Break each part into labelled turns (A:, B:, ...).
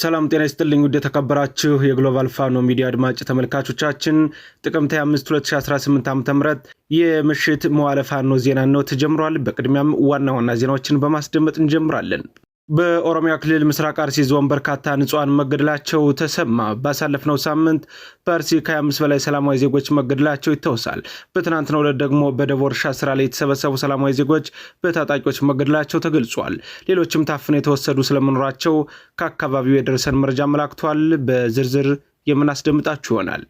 A: ሰላም ጤና ይስጥልኝ። ውድ የተከበራችሁ የግሎባል ፋኖ ሚዲያ አድማጭ ተመልካቾቻችን ጥቅምት 5 2018 ዓ ም የምሽት መዋለ ፋኖ ዜና ነው ተጀምሯል። በቅድሚያም ዋና ዋና ዜናዎችን በማስደመጥ እንጀምራለን።
B: በኦሮሚያ ክልል ምስራቅ አርሲ ዞን በርካታ ንጹሐን መገደላቸው ተሰማ። ባሳለፍነው ሳምንት በአርሲ ከ25 በላይ ሰላማዊ ዜጎች መገደላቸው ይታወሳል። በትናንትናው ዕለት ደግሞ በደቦ እርሻ ስራ ላይ የተሰበሰቡ ሰላማዊ ዜጎች በታጣቂዎች መገደላቸው ተገልጿል። ሌሎችም ታፍነው የተወሰዱ ስለመኖራቸው ከአካባቢው የደረሰን መረጃ አመላክቷል። በዝርዝር የምናስደምጣችሁ ይሆናል።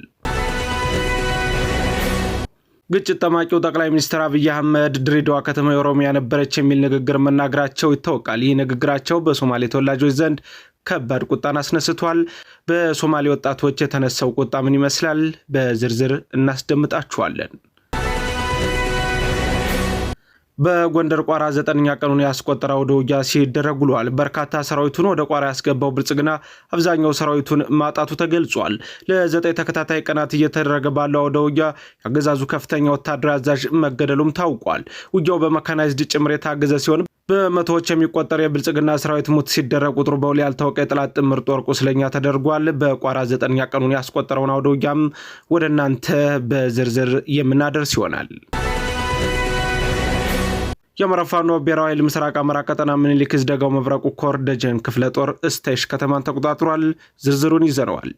B: ግጭት ጠማቂው ጠቅላይ ሚኒስትር አብይ አህመድ ድሬዳዋ ከተማ የኦሮሚያ ነበረች የሚል ንግግር መናገራቸው ይታወቃል። ይህ ንግግራቸው በሶማሌ ተወላጆች ዘንድ ከባድ ቁጣን አስነስቷል። በሶማሌ ወጣቶች የተነሳው ቁጣ ምን ይመስላል? በዝርዝር እናስደምጣችኋለን። በጎንደር ቋራ ዘጠነኛ ቀኑን ያስቆጠረው አውደ ውጊያ ሲደረግ ውሏል። በርካታ ሰራዊቱን ወደ ቋራ ያስገባው ብልጽግና አብዛኛው ሰራዊቱን ማጣቱ ተገልጿል። ለዘጠኝ ተከታታይ ቀናት እየተደረገ ባለው አውደ ውጊያ የአገዛዙ ከፍተኛ ወታደራዊ አዛዥ መገደሉም ታውቋል። ውጊያው በመካናይዝድ ጭምር የታገዘ ሲሆን በመቶዎች የሚቆጠር የብልጽግና ሰራዊት ሙት ሲደረግ ቁጥሩ በውል ያልታወቀ የጠላት ጥምር ጦር ቁስለኛ ተደርጓል። በቋራ ዘጠነኛ ቀኑን ያስቆጠረውን አውደ ውጊያም ወደ እናንተ በዝርዝር የምናደርስ ይሆናል። የአማራ ፋኖ ብሔራዊ ኃይል ምስራቅ አማራ ቀጠና ምኒልክ ዝደጋው ደጋው መብረቁ ኮር ደጀን ክፍለ ጦር እስቴሽ ከተማን ተቆጣጥሯል። ዝርዝሩን ይዘነዋል።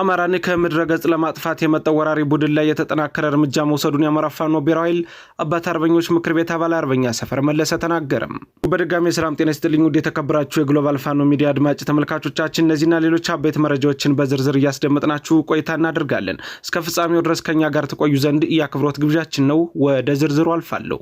B: አማራን ከምድረ ገጽ ለማጥፋት የመጣው ወራሪ ቡድን ላይ የተጠናከረ እርምጃ መውሰዱን የአማራ ፋኖ ብሔራዊ ኃይል አባት አርበኞች ምክር ቤት አባል አርበኛ ሰፈር መለሰ ተናገረም። በድጋሚ የሰላም ጤና ይስጥልኝ ውድ የተከበራችሁ የግሎባል ፋኖ ሚዲያ አድማጭ ተመልካቾቻችን፣ እነዚህና ሌሎች አበይት መረጃዎችን በዝርዝር እያስደመጥናችሁ ቆይታ እናደርጋለን። እስከ ፍጻሜው ድረስ ከኛ ጋር ተቆዩ ዘንድ የአክብሮት ግብዣችን ነው። ወደ ዝርዝሩ አልፋለሁ።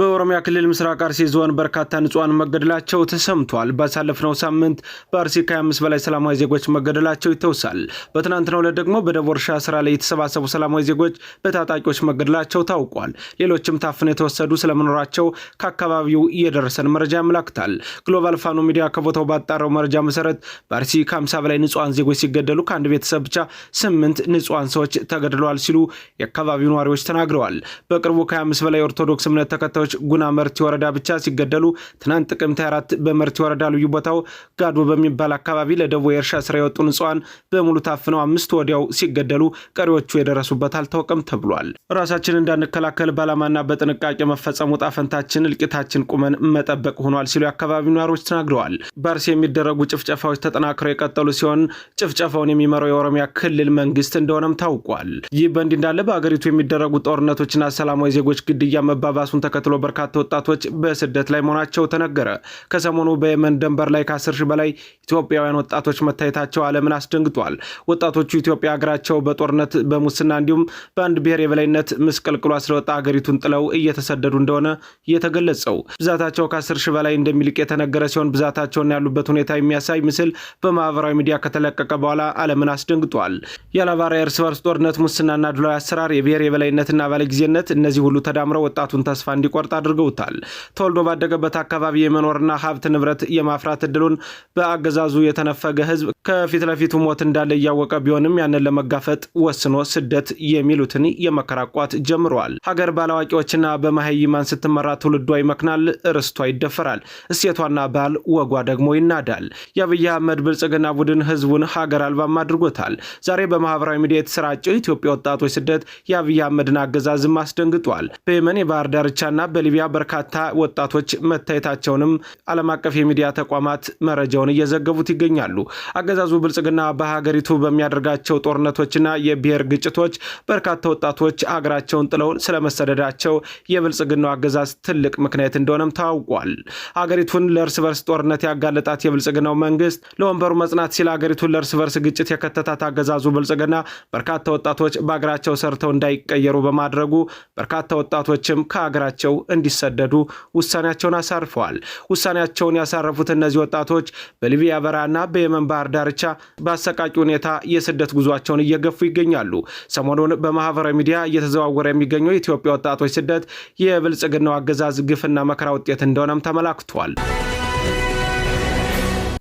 B: በኦሮሚያ ክልል ምስራቅ አርሲ ዞን በርካታ ንጹሐን መገደላቸው ተሰምቷል። ባሳለፍነው ሳምንት በአርሲ ከ25 በላይ ሰላማዊ ዜጎች መገደላቸው ይተውሳል። በትናንትናው ዕለት ደግሞ በደቡብ እርሻ ስራ ላይ የተሰባሰቡ ሰላማዊ ዜጎች በታጣቂዎች መገደላቸው ታውቋል። ሌሎችም ታፍነው የተወሰዱ ስለመኖራቸው ከአካባቢው እየደረሰን መረጃ ያመላክታል። ግሎባል ፋኖ ሚዲያ ከቦታው ባጣራው መረጃ መሰረት በአርሲ ከ50 በላይ ንጹሐን ዜጎች ሲገደሉ ከአንድ ቤተሰብ ብቻ ስምንት ንጹሐን ሰዎች ተገድለዋል ሲሉ የአካባቢው ነዋሪዎች ተናግረዋል። በቅርቡ ከ25 በላይ የኦርቶዶክስ እምነት ተከታዮች ወታደሮች ጉና መርቲ ወረዳ ብቻ ሲገደሉ ትናንት ጥቅምት 24 በመርቲ ወረዳ ልዩ ቦታው ጋዶ በሚባል አካባቢ ለደቡብ የእርሻ ስራ የወጡ ንጹሐን በሙሉ ታፍነው አምስት ወዲያው ሲገደሉ ቀሪዎቹ የደረሱበት አልታወቀም ተብሏል። ራሳችን እንዳንከላከል በዓላማና በጥንቃቄ መፈጸሙ ዕጣ ፈንታችን እልቂታችን ቁመን መጠበቅ ሆኗል ሲሉ የአካባቢው ነዋሪዎች ተናግረዋል። በአርሲ የሚደረጉ ጭፍጨፋዎች ተጠናክረው የቀጠሉ ሲሆን ጭፍጨፋውን የሚመራው የኦሮሚያ ክልል መንግስት እንደሆነም ታውቋል። ይህ በእንዲህ እንዳለ በአገሪቱ የሚደረጉ ጦርነቶችና ሰላማዊ ዜጎች ግድያ መባባሱን ተከትሎ በርካታ ወጣቶች በስደት ላይ መሆናቸው ተነገረ። ከሰሞኑ በየመን ደንበር ላይ ከ10 ሺህ በላይ ኢትዮጵያውያን ወጣቶች መታየታቸው ዓለምን አስደንግጧል። ወጣቶቹ ኢትዮጵያ ሀገራቸው በጦርነት በሙስና እንዲሁም በአንድ ብሔር የበላይነት ምስቅልቅሏ ስለወጣ ሀገሪቱን ጥለው እየተሰደዱ እንደሆነ እየተገለጸው ብዛታቸው ከ ሺህ በላይ እንደሚልቅ የተነገረ ሲሆን ብዛታቸውን ያሉበት ሁኔታ የሚያሳይ ምስል በማህበራዊ ሚዲያ ከተለቀቀ በኋላ ዓለምን አስደንግጧል። የአላባራ እርስ በርስ ጦርነት፣ ሙስናና ዱላዊ አሰራር፣ የብሔር የበላይነትና ባለጊዜነት እነዚህ ሁሉ ተዳምረው ወጣቱን ተስፋ እንዲቆ እንዲቆርጥ አድርገውታል። ተወልዶ ባደገበት አካባቢ የመኖርና ሀብት ንብረት የማፍራት እድሉን በአገዛዙ የተነፈገ ህዝብ ከፊት ለፊቱ ሞት እንዳለ እያወቀ ቢሆንም ያንን ለመጋፈጥ ወስኖ ስደት የሚሉትን የመከራቋት ጀምረዋል። ሀገር ባላዋቂዎችና በመሀይማን ስትመራ ትውልዷ ይመክናል፣ ርስቷ ይደፈራል፣ እሴቷና ባህል ወጓ ደግሞ ይናዳል። የአብይ አህመድ ብልጽግና ቡድን ህዝቡን ሀገር አልባም አድርጎታል። ዛሬ በማህበራዊ ሚዲያ የተሰራጨው ኢትዮጵያ ወጣቶች ስደት የአብይ አህመድን አገዛዝም አስደንግጧል። በየመን የባህር ዳርቻና በሊቢያ በርካታ ወጣቶች መታየታቸውንም ዓለም አቀፍ የሚዲያ ተቋማት መረጃውን እየዘገቡት ይገኛሉ። አገዛዙ ብልጽግና በሀገሪቱ በሚያደርጋቸው ጦርነቶችና የብሔር ግጭቶች በርካታ ወጣቶች ሀገራቸውን ጥለው ስለመሰደዳቸው የብልጽግናው አገዛዝ ትልቅ ምክንያት እንደሆነም ታውቋል። ሀገሪቱን ለእርስ በርስ ጦርነት ያጋለጣት የብልጽግናው መንግስት ለወንበሩ መጽናት ሲል ሀገሪቱን ለእርስ በርስ ግጭት የከተታት አገዛዙ ብልጽግና በርካታ ወጣቶች በሀገራቸው ሰርተው እንዳይቀየሩ በማድረጉ በርካታ ወጣቶችም ከሀገራቸው እንዲሰደዱ ውሳኔያቸውን አሳርፈዋል። ውሳኔያቸውን ያሳረፉት እነዚህ ወጣቶች በሊቢያ በረሃና በየመን ባህር ዳርቻ በአሰቃቂ ሁኔታ የስደት ጉዟቸውን እየገፉ ይገኛሉ። ሰሞኑን በማህበራዊ ሚዲያ እየተዘዋወረ የሚገኘው የኢትዮጵያ ወጣቶች ስደት የብልጽግናው አገዛዝ ግፍና መከራ ውጤት እንደሆነም ተመላክቷል።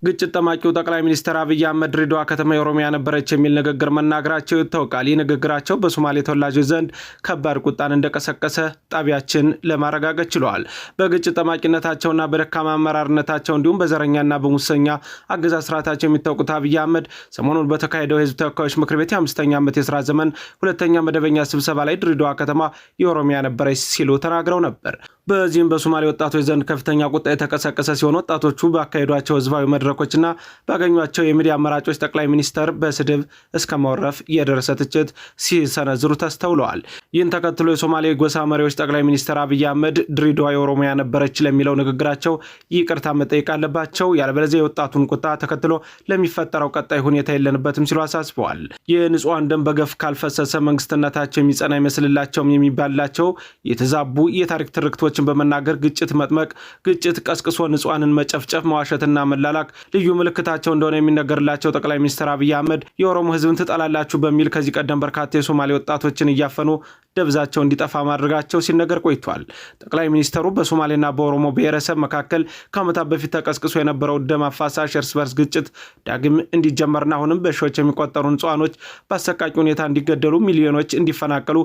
B: ግጭት ጠማቂው ጠቅላይ ሚኒስትር አብይ አህመድ ድሬዳዋ ከተማ የኦሮሚያ ነበረች የሚል ንግግር መናገራቸው ይታወቃል። ይህ ንግግራቸው በሶማሌ ተወላጆች ዘንድ ከባድ ቁጣን እንደቀሰቀሰ ጣቢያችን ለማረጋገጥ ችለዋል። በግጭት ጠማቂነታቸውና በደካማ አመራርነታቸው እንዲሁም በዘረኛና በሙሰኛ አገዛዝ ስርዓታቸው የሚታወቁት አብይ አህመድ ሰሞኑን በተካሄደው የህዝብ ተወካዮች ምክር ቤት የአምስተኛ ዓመት የስራ ዘመን ሁለተኛ መደበኛ ስብሰባ ላይ ድሬዳዋ ከተማ የኦሮሚያ ነበረች ሲሉ ተናግረው ነበር። በዚህም በሶማሌ ወጣቶች ዘንድ ከፍተኛ ቁጣ የተቀሰቀሰ ሲሆን ወጣቶቹ ባካሄዷቸው ህዝባዊ መድረ መድረኮችና ባገኟቸው የሚዲያ አማራጮች ጠቅላይ ሚኒስተር በስድብ እስከ መወረፍ የደረሰ ትችት ሲሰነዝሩ ተስተውለዋል። ይህን ተከትሎ የሶማሌ ጎሳ መሪዎች ጠቅላይ ሚኒስትር አብይ አህመድ ድሬዳዋ የኦሮሚያ ነበረች ለሚለው ንግግራቸው ይቅርታ መጠየቅ አለባቸው፣ ያለበለዚያ የወጣቱን ቁጣ ተከትሎ ለሚፈጠረው ቀጣይ ሁኔታ የለንበትም ሲሉ አሳስበዋል። የንጹሐን ደም በገፍ ካልፈሰሰ መንግስትነታቸው የሚጸና አይመስልላቸውም የሚባላቸው የተዛቡ የታሪክ ትርክቶችን በመናገር ግጭት መጥመቅ፣ ግጭት ቀስቅሶ ንጹሐንን መጨፍጨፍ፣ መዋሸትና መላላክ ልዩ ምልክታቸው እንደሆነ የሚነገርላቸው ጠቅላይ ሚኒስትር አብይ አህመድ የኦሮሞ ህዝብን ትጠላላችሁ በሚል ከዚህ ቀደም በርካታ የሶማሌ ወጣቶችን እያፈኑ ደብዛቸው እንዲጠፋ ማድረጋቸው ሲነገር ቆይቷል። ጠቅላይ ሚኒስተሩ በሶማሌና በኦሮሞ ብሔረሰብ መካከል ከዓመታት በፊት ተቀስቅሶ የነበረው ደም አፋሳሽ እርስ በርስ ግጭት ዳግም እንዲጀመርና አሁንም በሺዎች የሚቆጠሩ ንጹሐኖች በአሰቃቂ ሁኔታ እንዲገደሉ፣ ሚሊዮኖች እንዲፈናቀሉ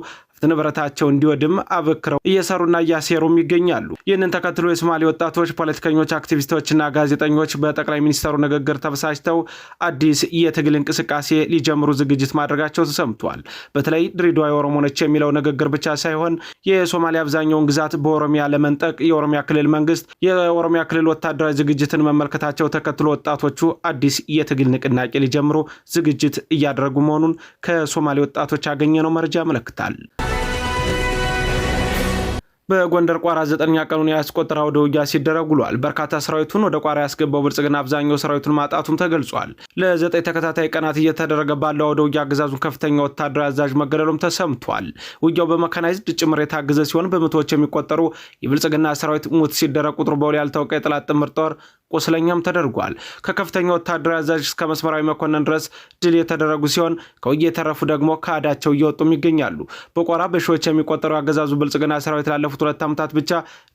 B: ንብረታቸው እንዲወድም አበክረው እየሰሩና እያሴሩም ይገኛሉ። ይህንን ተከትሎ የሶማሌ ወጣቶች፣ ፖለቲከኞች፣ አክቲቪስቶችና ጋዜጠኞች በጠቅላይ ሚኒስትሩ ንግግር ተበሳጭተው አዲስ የትግል እንቅስቃሴ ሊጀምሩ ዝግጅት ማድረጋቸው ተሰምቷል። በተለይ ድሬዳዋ የኦሮሞ ነች የሚለው ንግግር ብቻ ሳይሆን የሶማሊያ አብዛኛውን ግዛት በኦሮሚያ ለመንጠቅ የኦሮሚያ ክልል መንግስት የኦሮሚያ ክልል ወታደራዊ ዝግጅትን መመልከታቸው ተከትሎ ወጣቶቹ አዲስ የትግል ንቅናቄ ሊጀምሩ ዝግጅት እያደረጉ መሆኑን ከሶማሌ ወጣቶች ያገኘነው መረጃ ያመለክታል። በጎንደር ቋራ ዘጠነኛ ቀኑን ያስቆጠረ አውደ ውጊያ ሲደረግ ውሏል። በርካታ ሰራዊቱን ወደ ቋራ ያስገባው ብልጽግና አብዛኛው ሰራዊቱን ማጣቱም ተገልጿል። ለዘጠኝ ተከታታይ ቀናት እየተደረገ ባለው አውደ ውጊያ አገዛዙን ከፍተኛ ወታደራዊ አዛዥ መገደሉም ተሰምቷል። ውጊያው በመካናይዝድ ጭምር የታገዘ ሲሆን በመቶዎች የሚቆጠሩ የብልጽግና ሰራዊት ሙት ሲደረግ ቁጥሩ በውል ያልታወቀ የጠላት ጥምር ጦር ቁስለኛም ተደርጓል። ከከፍተኛ ወታደራዊ አዛዥ እስከ መስመራዊ መኮንን ድረስ ድል የተደረጉ ሲሆን ከውጊ የተረፉ ደግሞ ከአዳቸው እየወጡም ይገኛሉ። በቋራ በሺዎች የሚቆጠሩ አገዛዙ ብልጽግና ሰራዊት ላለፉት ባለፉት ሁለት ዓመታት ብቻ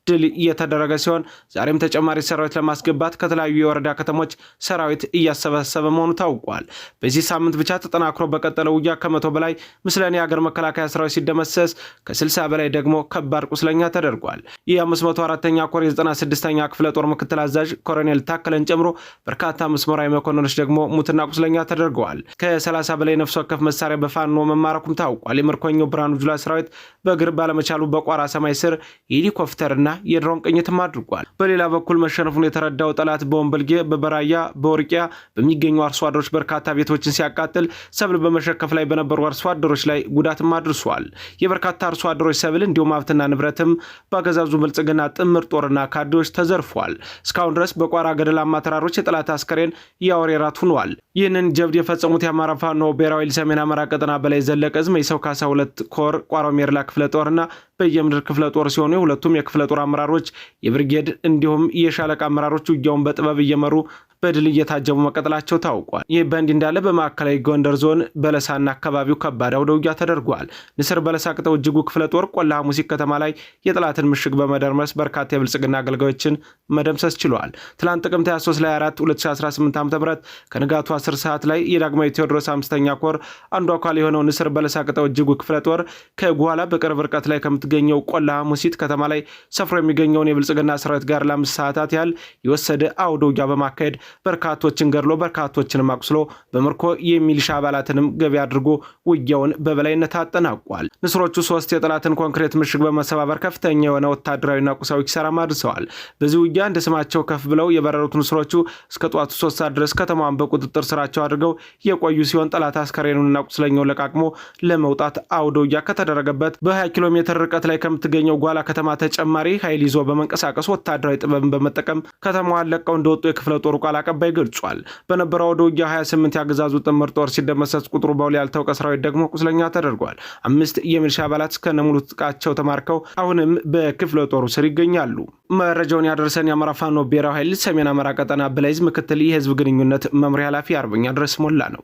B: ድል እየተደረገ ሲሆን ዛሬም ተጨማሪ ሰራዊት ለማስገባት ከተለያዩ የወረዳ ከተሞች ሰራዊት እያሰበሰበ መሆኑ ታውቋል። በዚህ ሳምንት ብቻ ተጠናክሮ በቀጠለው ውጊያ ከመቶ በላይ ምስለኔ የአገር መከላከያ ሰራዊት ሲደመሰስ ከ60 በላይ ደግሞ ከባድ ቁስለኛ ተደርጓል። ይህ 54 ኛ ኮር የ96ኛ ክፍለ ጦር ምክትል አዛዥ ኮሎኔል ታከለን ጨምሮ በርካታ መስመራዊ መኮንኖች ደግሞ ሙትና ቁስለኛ ተደርገዋል። ከ30 በላይ ነፍስ ወከፍ መሳሪያ በፋኖ መማረኩም ታውቋል። የምርኮኛው ብርሃኑ ጁላ ሰራዊት በእግር ባለመቻሉ በቋራ ሰማይ ስር ጭምር የሄሊኮፕተርና የድሮን ቅኝትም አድርጓል። በሌላ በኩል መሸነፉን የተረዳው ጠላት በወንበልጌ፣ በበራያ፣ በወርቂያ በሚገኙ አርሶ አደሮች በርካታ ቤቶችን ሲያቃጥል ሰብል በመሸከፍ ላይ በነበሩ አርሶ አደሮች ላይ ጉዳትም አድርሷል። የበርካታ አርሶ አደሮች ሰብል እንዲሁም ሀብትና ንብረትም በአገዛዙ ብልጽግና ጥምር ጦርና ካድሬዎች ተዘርፏል። እስካሁን ድረስ በቋራ ገደላማ ተራሮች የጠላት አስከሬን እያወሬራት ሁኗል። ይህንን ጀብድ የፈጸሙት የአማራ ፋኖ ብሔራዊ ሰሜን አማራ ቀጠና በላይ ዘለቀ ዝመ የሰው ካሳ ሁለት ኮር ቋራ ሜርላ ክፍለ ጦርና በየምድር ክፍለ ጦር ጦር ሲሆኑ የሁለቱም የክፍለ ጦር አመራሮች የብርጌድ እንዲሁም የሻለቃ አመራሮች ውጊያውን በጥበብ እየመሩ በድል እየታጀቡ መቀጠላቸው ታውቋል። ይህ በእንዲህ እንዳለ በማዕከላዊ ጎንደር ዞን በለሳና አካባቢው ከባድ አውደ ውጊያ ተደርጓል። ንስር በለሳ ቅጠው እጅጉ ክፍለ ጦር ቆላ ሐሙሲት ከተማ ላይ የጠላትን ምሽግ በመደርመስ በርካታ የብልጽግና አገልጋዮችን መደምሰስ ችሏል። ትላንት ጥቅምት 23 ላይ 4 2018 ዓ ም ከንጋቱ 10 ሰዓት ላይ የዳግማዊ ቴዎድሮስ አምስተኛ ኮር አንዱ አካል የሆነው ንስር በለሳ ቅጠው እጅጉ ክፍለ ጦር ከጓላ በቅርብ ርቀት ላይ ከምትገኘው ቆላ ሐሙሲት ከተማ ላይ ሰፍሮ የሚገኘውን የብልጽግና ሰራዊት ጋር ለአምስት ሰዓታት ያህል የወሰደ አውደ ውጊያ በማካሄድ በርካቶችን ገድሎ በርካቶችንም አቁስሎ በምርኮ የሚሊሻ አባላትንም ገቢ አድርጎ ውጊያውን በበላይነት አጠናቋል። ንስሮቹ ሶስት የጠላትን ኮንክሬት ምሽግ በመሰባበር ከፍተኛ የሆነ ወታደራዊና ቁሳዊ ኪሳራም አድርሰዋል። በዚህ ውጊያ እንደ ስማቸው ከፍ ብለው የበረሩት ንስሮቹ እስከ ጠዋቱ ሶስት ሰዓት ድረስ ከተማዋን በቁጥጥር ስራቸው አድርገው የቆዩ ሲሆን ጠላት አስከሬኑንና ቁስለኛውን ለቃቅሞ ለመውጣት አውደ ውጊያ ከተደረገበት በ20 ኪሎ ሜትር ርቀት ላይ ከምትገኘው ጓላ ከተማ ተጨማሪ ኃይል ይዞ በመንቀሳቀስ ወታደራዊ ጥበብን በመጠቀም ከተማዋን ለቀው እንደወጡ የክፍለ ጦሩ ቃል ቃል አቀባይ ገልጿል። በነበረው ወደ ውጊያ 28 የአገዛዙ ጥምር ጦር ሲደመሰስ ቁጥሩ በውል ያልታወቀ ሰራዊት ደግሞ ቁስለኛ ተደርጓል። አምስት የሚሊሻ አባላት ከነሙሉ ጥቃቸው ተማርከው አሁንም በክፍለ ጦሩ ስር ይገኛሉ። መረጃውን ያደረሰን የአማራ ፋኖ ብሔራዊ ኃይል ሰሜን አማራ ቀጠና ብላይዝ ምክትል የህዝብ ግንኙነት መምሪያ ኃላፊ አርበኛ ድረስ ሞላ ነው።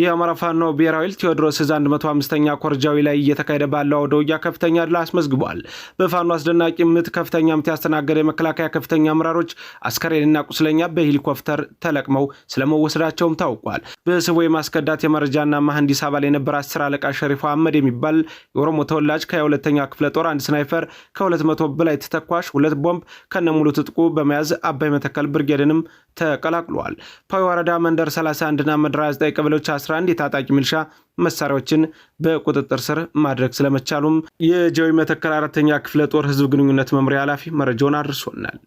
B: የአማራ ፋኖ ብሔራዊ ኃይል ቴዎድሮስ ዕዝ 15 ኛ ኮርጃዊ ላይ እየተካሄደ ባለው አውደ ውጊያ ከፍተኛ ድል አስመዝግቧል። በፋኖ አስደናቂ ምት ከፍተኛ ምት ያስተናገደ የመከላከያ ከፍተኛ አመራሮች አስከሬንና ቁስለኛ በሄሊኮፕተር ተለቅመው ስለመወሰዳቸውም ታውቋል። በስቦ የማስከዳት የመረጃና መሐንዲስ አባል የነበረ አስር አለቃ ሸሪፎ አህመድ የሚባል የኦሮሞ ተወላጅ ከ22ኛ ክፍለ ጦር አንድ ስናይፈር ከ200 በላይ ተተኳሽ ሁለት ቦምብ ከነሙሉ ትጥቁ በመያዝ አባይ መተከል ብርጌድንም ተቀላቅሏል። ፓዊ ወረዳ መንደር 31ና መድራ 9 ቀበሌዎች 11 የታጣቂ ሚልሻ መሳሪያዎችን በቁጥጥር ስር ማድረግ ስለመቻሉም የጃዊ መተከል አራተኛ ክፍለ ጦር ህዝብ ግንኙነት መምሪያ ኃላፊ መረጃውን አድርሶናል።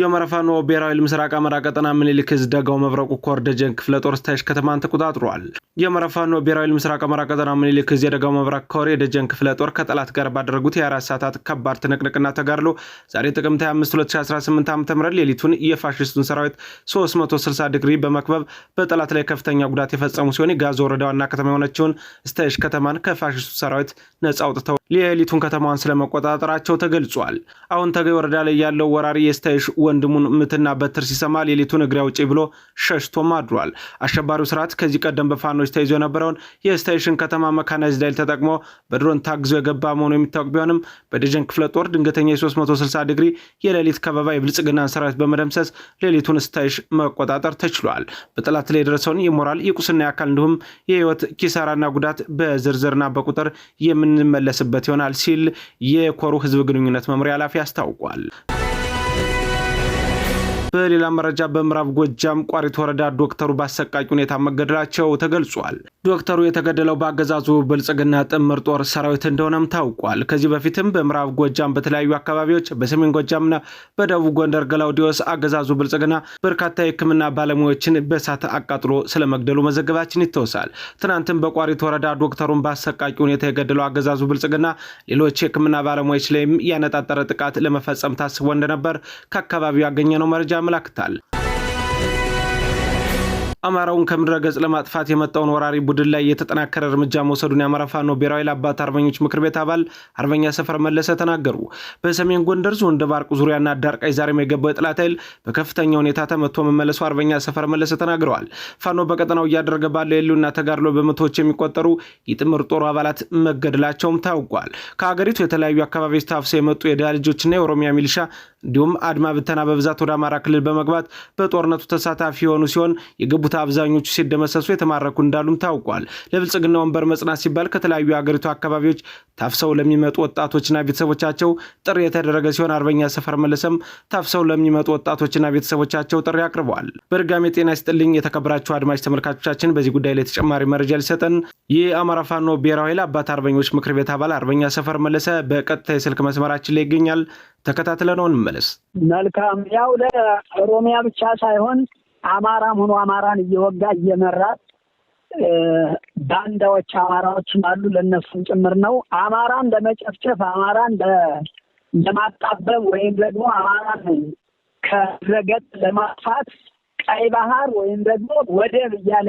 B: የአማራ ፋኖ ብሔራዊ ምስራቅ አማራ ቀጠና ምኒልክ ዕዝ ደጋው መብረቁ ኮር ደጀን ክፍለ ጦር ስታይሽ ከተማን ተቆጣጥሯል። የአማራ ፋኖ ብሔራዊ ምስራቅ አማራ ቀጠና ምኒልክ ዕዝ የደጋው መብረቅ ኮር የደጀን ክፍለ ጦር ከጠላት ጋር ባደረጉት የ ሰዓታት ከባድ ትንቅንቅና ተጋድሎ ዛሬ ጥቅምት 25 2018 ዓ ም ሌሊቱን የፋሽስቱን ሰራዊት 360 ዲግሪ በመክበብ በጠላት ላይ ከፍተኛ ጉዳት የፈጸሙ ሲሆን የጋዞ ወረዳ ዋና ከተማ የሆነችውን ስታይሽ ከተማን ከፋሽስቱ ሰራዊት ነጻ አውጥተው ሌሊቱን ከተማዋን ስለመቆጣጠራቸው ተገልጿል። አሁን ተገኝ ወረዳ ላይ ያለው ወራሪ የስታይሽ ወንድሙን ምትና በትር ሲሰማ ሌሊቱን እግሬ አውጪ ብሎ ሸሽቶም አድሯል። አሸባሪው ስርዓት ከዚህ ቀደም በፋኖች ተይዞ የነበረውን የስታይሽን ከተማ መካናይዝድ ኃይል ተጠቅሞ በድሮን ታግዞ የገባ መሆኑ የሚታወቅ ቢሆንም በደጀን ክፍለ ጦር ድንገተኛ የ360 ዲግሪ የሌሊት ከበባ የብልጽግናን ሰራዊት በመደምሰስ ሌሊቱን ስታይሽ መቆጣጠር ተችሏል። በጠላት ላይ የደረሰውን የሞራል የቁስና የአካል እንዲሁም የህይወት ኪሳራና ጉዳት በዝርዝርና በቁጥር የምንመለስበት ይደረግበት ይሆናል ሲል የኮሩ ህዝብ ግንኙነት መምሪያ ኃላፊ አስታውቋል። በሌላ መረጃ በምዕራብ ጎጃም ቋሪት ወረዳ ዶክተሩ በአሰቃቂ ሁኔታ መገደላቸው ተገልጿል። ዶክተሩ የተገደለው በአገዛዙ ብልጽግና ጥምር ጦር ሰራዊት እንደሆነም ታውቋል። ከዚህ በፊትም በምዕራብ ጎጃም በተለያዩ አካባቢዎች በሰሜን ጎጃምና በደቡብ ጎንደር ገላውዲዮስ አገዛዙ ብልጽግና በርካታ የሕክምና ባለሙያዎችን በእሳት አቃጥሎ ስለመግደሉ መዘገባችን ይተወሳል። ትናንትም በቋሪት ወረዳ ዶክተሩን በአሰቃቂ ሁኔታ የገደለው አገዛዙ ብልጽግና ሌሎች የሕክምና ባለሙያዎች ላይም ያነጣጠረ ጥቃት ለመፈጸም ታስቦ እንደነበር ከአካባቢው ያገኘነው መረጃ ያመላክታል። አማራውን ከምድረ ገጽ ለማጥፋት የመጣውን ወራሪ ቡድን ላይ የተጠናከረ እርምጃ መውሰዱን የአማራ ፋኖ ብሔራዊ ለአባት አርበኞች ምክር ቤት አባል አርበኛ ሰፈር መለሰ ተናገሩ። በሰሜን ጎንደር ዞን ደባርቅ ዙሪያና አዳርቃይ ዛሬም የገባው የጠላት ኃይል በከፍተኛ ሁኔታ ተመቶ መመለሱ አርበኛ ሰፈር መለሰ ተናግረዋል። ፋኖ በቀጠናው እያደረገ ባለው የህልውና ተጋድሎ በመቶዎች የሚቆጠሩ የጥምር ጦሩ አባላት መገደላቸውም ታውቋል። ከአገሪቱ የተለያዩ አካባቢዎች ታፍሰው የመጡ የድሃ ልጆችና የኦሮሚያ ሚሊሻ እንዲሁም አድማ ብተና በብዛት ወደ አማራ ክልል በመግባት በጦርነቱ ተሳታፊ የሆኑ ሲሆን የገቡት አብዛኞቹ ሲደመሰሱ የተማረኩ እንዳሉም ታውቋል። ለብልጽግና ወንበር መጽናት ሲባል ከተለያዩ የአገሪቱ አካባቢዎች ታፍሰው ለሚመጡ ወጣቶችና ቤተሰቦቻቸው ጥሪ የተደረገ ሲሆን አርበኛ ሰፈር መለሰም ታፍሰው ለሚመጡ ወጣቶችና ቤተሰቦቻቸው ጥሪ አቅርበዋል። በድጋሚ ጤና ይስጥልኝ የተከበራችሁ አድማጭ ተመልካቾቻችን፣ በዚህ ጉዳይ ላይ ተጨማሪ መረጃ ሊሰጠን አማራ ፋኖ ብሔራዊ ኃይል አባት አርበኞች ምክር ቤት አባል አርበኛ ሰፈር መለሰ በቀጥታ የስልክ መስመራችን ላይ ይገኛል። ተከታትለነውን እንመለስ።
C: መልካም ያው ለኦሮሚያ ብቻ ሳይሆን አማራም ሆኖ አማራን እየወጋ እየመራ ባንዳዎች አማራዎችም አሉ፣ ለእነሱም ጭምር ነው። አማራን ለመጨፍጨፍ አማራን ለማጣበብ ወይም ደግሞ አማራን ከረገጥ ለማጥፋት ቀይ ባህር ወይም ደግሞ ወደብ እያለ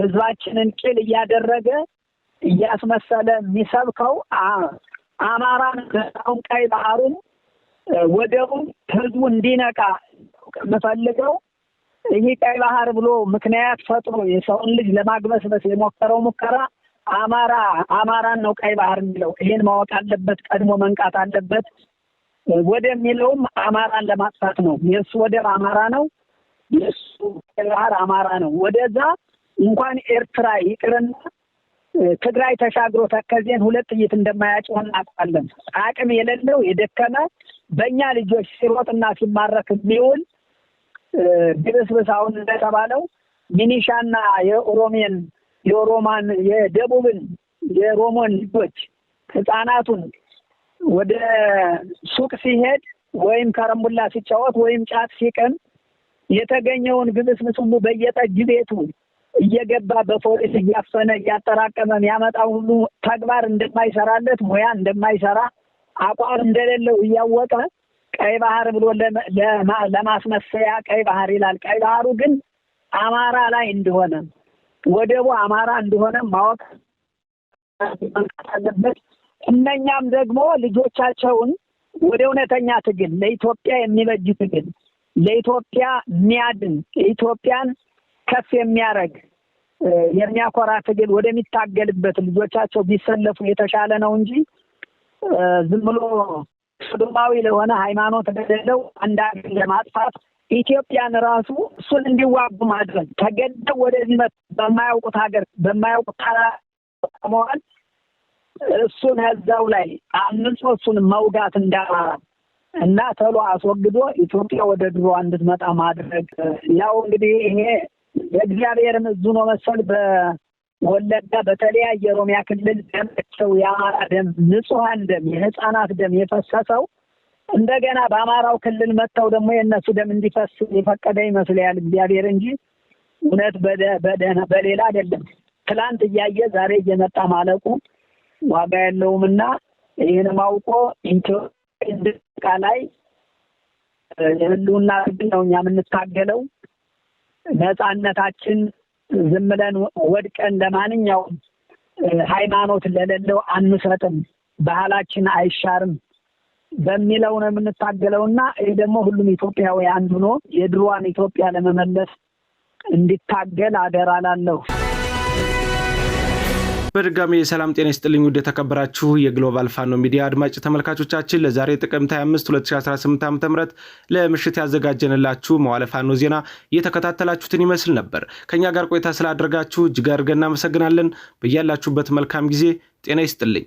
C: ህዝባችንን ቅል እያደረገ እያስመሰለ የሚሰብከው አማራን አሁን ቀይ ባህሩን ወደቡ ህዝቡ እንዲነቃ የምፈልገው ይህ ቀይ ባህር ብሎ ምክንያት ፈጥሮ የሰውን ልጅ ለማግበስበስ የሞከረው ሙከራ አማራ አማራን ነው ቀይ ባህር የሚለው ይሄን ማወቅ አለበት፣ ቀድሞ መንቃት አለበት። ወደ የሚለውም አማራን ለማጥፋት ነው። የእሱ ወደብ አማራ ነው። የእሱ ቀይ ባህር አማራ ነው። ወደዛ እንኳን ኤርትራ ይቅርና ትግራይ ተሻግሮ ተከዜን ሁለት ጥይት እንደማያጭሆን እናውቃለን። አቅም የሌለው የደከመ በእኛ ልጆች ሲሮጥና ሲማረክ የሚውል ግብስብሳውን እንደተባለው ሚኒሻና የኦሮሜን የኦሮማን የደቡብን የሮሞን ልጆች ህፃናቱን ወደ ሱቅ ሲሄድ ወይም ከረምቡላ ሲጫወት ወይም ጫት ሲቅም የተገኘውን ግብስብስ ሁሉ በየጠጅ ቤቱ እየገባ በፖሊስ እያፈነ እያጠራቀመ የሚያመጣ ሁሉ ተግባር እንደማይሰራለት ሙያ እንደማይሰራ አቋም እንደሌለው እያወቀ ቀይ ባህር ብሎ ለማስመሰያ ቀይ ባህር ይላል። ቀይ ባህሩ ግን አማራ ላይ እንደሆነ ወደቡ አማራ እንደሆነ ማወቅ አለበት። እነኛም ደግሞ ልጆቻቸውን ወደ እውነተኛ ትግል ለኢትዮጵያ የሚበጅ ትግል ለኢትዮጵያ የሚያድን ኢትዮጵያን ከፍ የሚያደርግ የሚያኮራ ትግል ወደሚታገልበት ልጆቻቸው ቢሰለፉ የተሻለ ነው እንጂ ዝም ብሎ ሰዶማዊ ለሆነ ሃይማኖት ለሌለው አንዳንድ ለማጥፋት ኢትዮጵያን ራሱ እሱን እንዲዋጉ ማድረግ ተገደው ወደዚህ በማያውቁት ሀገር በማያውቁት መዋል እሱን ህዛው ላይ አምጾ እሱን መውጋት እንዳማራ እና ተሎ አስወግዶ ኢትዮጵያ ወደ ድሮ እንድትመጣ ማድረግ ያው እንግዲህ ይሄ የእግዚአብሔርም እዙ ነው መሰል ወለጋ በተለያየ የኦሮሚያ ክልል ደማቸው የአማራ ደም ንጹሐን ደም የህፃናት ደም የፈሰሰው እንደገና በአማራው ክልል መጥተው ደግሞ የእነሱ ደም እንዲፈስ የፈቀደ ይመስለያል እግዚአብሔር እንጂ እውነት በሌላ አይደለም። ትላንት እያየ ዛሬ እየመጣ ማለቁ ዋጋ የለውም እና ይህንም አውቆ ኢትዮጵያ ላይ የህልውና ትግል ነው እኛ የምንታገለው ነፃነታችን ዝም ብለን ወድቀን ለማንኛውም ሃይማኖት ለሌለው አንሰጥም፣ ባህላችን አይሻርም በሚለው ነው የምንታገለውና ይህ ደግሞ ሁሉም ኢትዮጵያዊ አንድ ሆኖ የድሮዋን ኢትዮጵያ ለመመለስ እንዲታገል አደራ ላለሁ። በድጋሚ የሰላም ጤና ይስጥልኝ ውድ የተከበራችሁ የግሎባል ፋኖ ሚዲያ አድማጭ ተመልካቾቻችን ለዛሬ ጥቅምት 25 2018 ዓ ም ለምሽት ያዘጋጀንላችሁ መዋለ ፋኖ ዜና እየተከታተላችሁትን ይመስል ነበር። ከእኛ ጋር ቆይታ ስላደረጋችሁ እጅግ አድርገን እናመሰግናለን። በያላችሁበት መልካም ጊዜ ጤና ይስጥልኝ።